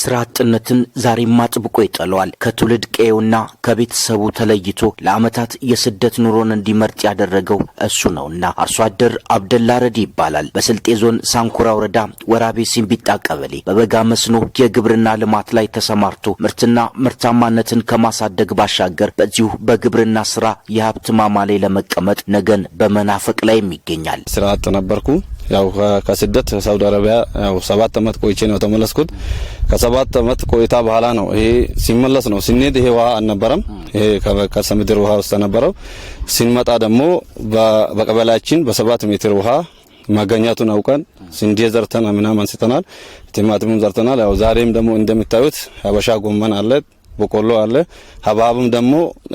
ስራ አጥነትን ዛሬም አጥብቆ ይጠለዋል። ከትውልድ ቀዬውና ከቤተሰቡ ተለይቶ ለዓመታት የስደት ኑሮን እንዲመርጥ ያደረገው እሱ ነውና አርሶ አደር አብደላ ረዲ ይባላል። በስልጤ ዞን ሳንኩራ ወረዳ ወራቤ ሲምቢጣ ቀበሌ በበጋ መስኖ የግብርና ልማት ላይ ተሰማርቶ ምርትና ምርታማነትን ከማሳደግ ባሻገር በዚሁ በግብርና ስራ የሀብት ማማ ላይ ለመቀመጥ ነገን በመናፈቅ ላይም ይገኛል። ስራ አጥ ነበርኩ ያው ከስደት ሳውዲ አረቢያ ያው ሰባት አመት ቆይቼ ነው ተመለስኩት። ከሰባት አመት ቆይታ በኋላ ነው ይሄ ሲመለስ ነው ስንሄድ፣ ይሄ ውሃ አልነበረም። ይሄ ከበቀሰ ምድር ውሃ ውስጥ ነበረው። ሲንመጣ ደግሞ በቀበላችን በሰባት ሜትር ውሃ ማገኛቱን አውቀን ስንዴ ዘርተና ምናምን አንስተናል። ቲማቲሙን ዘርተናል። ያው ዛሬም ደግሞ እንደምታዩት ሀበሻ ጎመን አለ። በቆሎ አለ። ሀብሀብም ደግሞ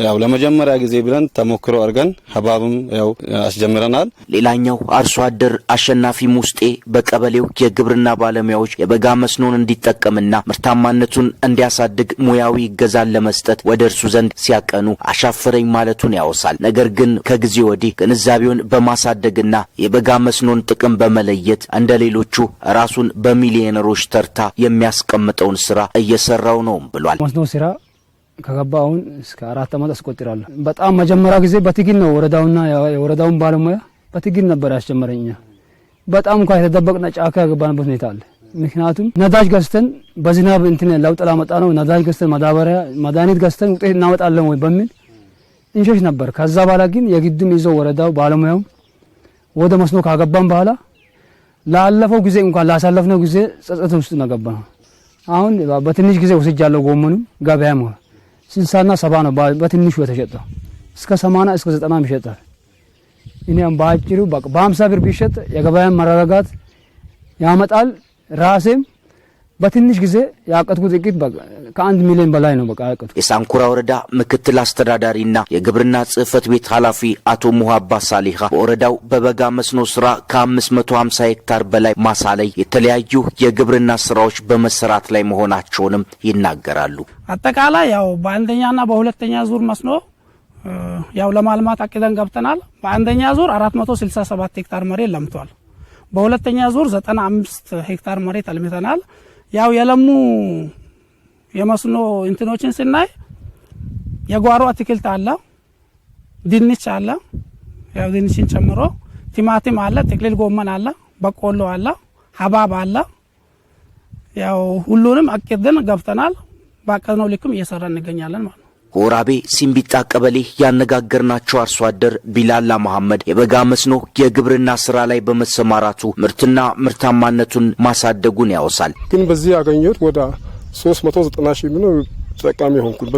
ያው ለመጀመሪያ ጊዜ ብለን ተሞክሮ አድርገን ሀብሀብም ያው አስጀምረናል። ሌላኛው አርሶ አደር አሸናፊ ሙስጤ በቀበሌው የግብርና ባለሙያዎች የበጋ መስኖን እንዲጠቀምና ምርታማነቱን እንዲያሳድግ ሙያዊ እገዛን ለመስጠት ወደ እርሱ ዘንድ ሲያቀኑ አሻፈረኝ ማለቱን ያወሳል። ነገር ግን ከጊዜ ወዲህ ግንዛቤውን በማሳደግና የበጋ መስኖን ጥቅም በመለየት እንደ ሌሎቹ ራሱን በሚሊዮነሮች ተርታ የሚያስቀምጠውን ስራ እየሰራው ነውም ብሏል። ስራ ከገባ አሁን እስከ አራት ዓመት አስቆጥራለሁ። በጣም መጀመሪያ ጊዜ በትግል ነው ወረዳውና የወረዳውን ባለሙያ በትግል ነበር ያስጀመረኝ። በጣም እንኳ የተደበቅና ጫካ ያገባንበት ሁኔታ አለ። ምክንያቱም ነዳጅ ገዝተን በዝናብ እንትን ለውጥ ላመጣ ነው ነዳጅ ገዝተን ማዳበሪያ፣ መድኃኒት ገዝተን ውጤት እናመጣለን ወይ በሚል እንሸሽ ነበር። ከዛ በኋላ ግን የግድም ይዘው ወረዳው ባለሙያውም ወደ መስኖ ካገባን በኋላ ላለፈው ጊዜ እንኳን ላሳለፍነው ጊዜ ጸጸት ውስጥ ነገባ። ነው። አሁን በትንሽ ጊዜ ወስጃለሁ። ጎመኑም ገበያም ስልሳና ሰባ ነው በትንሹ የተሸጠው እስከ ሰማና እስከ ዘጠና ይሸጣል። እኔም በአጭሩ በአምሳ ብር ቢሸጥ የገበያን መረጋጋት ያመጣል ራሴም በትንሽ ጊዜ ያቀጥኩት ጥቂት ከአንድ ሚሊዮን በላይ ነው። በቃ ያቀጥኩት። የሳንኩራ ወረዳ ምክትል አስተዳዳሪና የግብርና ጽህፈት ቤት ኃላፊ አቶ ሙሀባ ሳሊሃ በወረዳው በበጋ መስኖ ስራ ከ550 ሄክታር በላይ ማሳ ላይ የተለያዩ የግብርና ስራዎች በመሰራት ላይ መሆናቸውንም ይናገራሉ። አጠቃላይ ያው በአንደኛና በሁለተኛ ዙር መስኖ ያው ለማልማት አቅደን ገብተናል። በአንደኛ ዙር 467 ሄክታር መሬት ለምቷል። በሁለተኛ ዙር 95 ሄክታር መሬት አልምተናል። ያው የለሙ የመስኖ እንትኖችን ስናይ የጓሮ አትክልት አለ፣ ድንች አለ፣ ያው ድንችን ጨምሮ ቲማቲም አለ፣ ጥቅልል ጎመን አለ፣ በቆሎ አለ፣ ሀባብ አለ። ያው ሁሉንም አቅድን ገብተናል። ባቀድነው ልክም እየሰራ እንገኛለን ማለት ነው። ወራቤ ሲምቢጣ ቀበሌ ያነጋገርናቸው አርሶ አደር ቢላላ መሐመድ የበጋ መስኖ የግብርና ስራ ላይ በመሰማራቱ ምርትና ምርታማነቱን ማሳደጉን ያወሳል። ግን በዚህ ያገኘሁት ወደ 390 ሺህ ተጠቃሚ ሆንኩኝ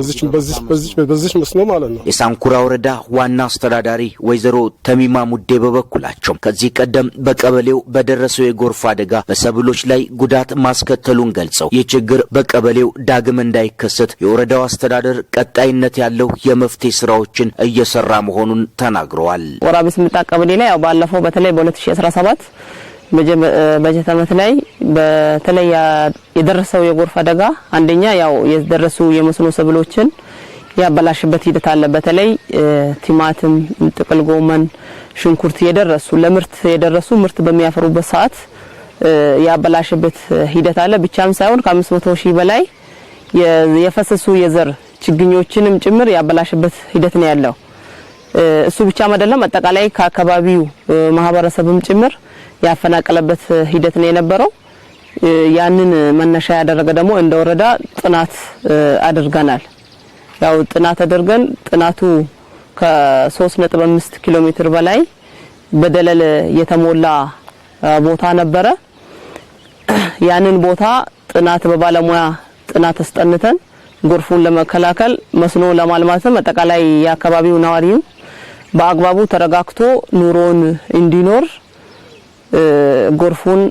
በዚች መስኖ ማለት ነው። የሳንኩራ ወረዳ ዋና አስተዳዳሪ ወይዘሮ ተሚማ ሙዴ በበኩላቸው ከዚህ ቀደም በቀበሌው በደረሰው የጎርፍ አደጋ በሰብሎች ላይ ጉዳት ማስከተሉን ገልጸው ይህ ችግር በቀበሌው ዳግም እንዳይከሰት የወረዳው አስተዳደር ቀጣይነት ያለው የመፍትሄ ስራዎችን እየሰራ መሆኑን ተናግረዋል። ወራ ቢስምጣ ቀበሌ ላይ ያው ባለፈው በተለይ በ2017 በጀት አመት ላይ በተለይ የደረሰው የጎርፍ አደጋ አንደኛ ያው የደረሱ የመስኖ ሰብሎችን ያበላሽበት ሂደት አለ። በተለይ ቲማቲም፣ ጥቅል ጎመን፣ ሽንኩርት የደረሱ ለምርት የደረሱ ምርት በሚያፈሩበት ሰዓት ያበላሽበት ሂደት አለ። ብቻም ሳይሆን ከ500 ሺህ በላይ የፈሰሱ የዘር ችግኞችንም ጭምር ያበላሽበት ሂደት ነው ያለው። እሱ ብቻም አይደለም አጠቃላይ ከአካባቢው ማህበረሰብም ጭምር ያፈናቀለበት ሂደት ነው የነበረው። ያንን መነሻ ያደረገ ደግሞ እንደ ወረዳ ጥናት አድርገናል። ያው ጥናት አድርገን ጥናቱ ከ3.5 ኪሎ ሜትር በላይ በደለል የተሞላ ቦታ ነበረ። ያንን ቦታ ጥናት በባለሙያ ጥናት አስጠንተን ጎርፉን ለመከላከል መስኖ ለማልማትም አጠቃላይ የአካባቢው ነዋሪው በአግባቡ ተረጋግቶ ኑሮን እንዲኖር ጎርፉን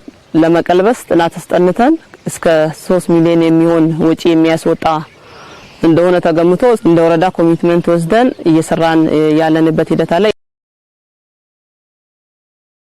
ለመቀልበስ ጥናት አስጠንተን እስከ 3 ሚሊዮን የሚሆን ወጪ የሚያስወጣ እንደሆነ ተገምቶ እንደ ወረዳ ኮሚትመንት ወስደን እየሰራን ያለንበት ሂደት አለ።